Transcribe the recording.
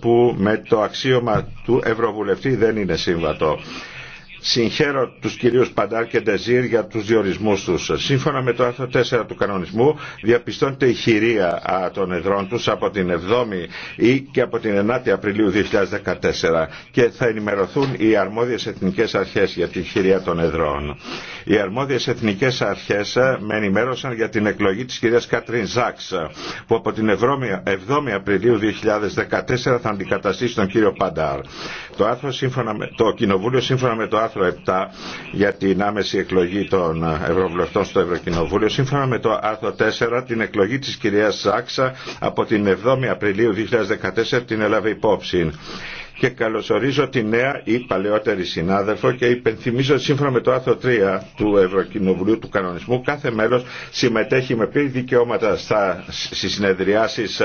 που με το αξίωμα του Ευρωβουλευτή δεν είναι σύμβατο. Συγχαίρω του κυρίου Παντάρ και Ντεζίρ για του διορισμού του. Σύμφωνα με το άρθρο 4 του κανονισμού διαπιστώνεται η χειρία των εδρών του από την 7η ή και από την 9η Απριλίου 2014 και θα ενημερωθούν οι αρμόδιε εθνικέ αρχέ για τη χειρία των εδρών. Οι αρμόδιε εθνικέ αρχέ με ενημέρωσαν για την εκλογή τη κυρία Κάτριν Ζάξ που από την 7η Απριλίου 2014 θα αντικαταστήσει τον κύριο Παντάρ. Το, άρθρο, σύμφωνα το κοινοβούλιο σύμφωνα με το άρθρο άρθρο 7 για την άμεση εκλογή των Ευρωβουλευτών στο Ευρωκοινοβούλιο. Σύμφωνα με το άρθρο 4, την εκλογή της κυρίας Σάξα από την 7η Απριλίου 2014 την έλαβε υπόψη και καλωσορίζω τη νέα ή παλαιότερη συνάδελφο και υπενθυμίζω σύμφωνα με το άρθρο 3 του Ευρωκοινοβουλίου του Κανονισμού κάθε μέλος συμμετέχει με πλήρη δικαιώματα στα, στις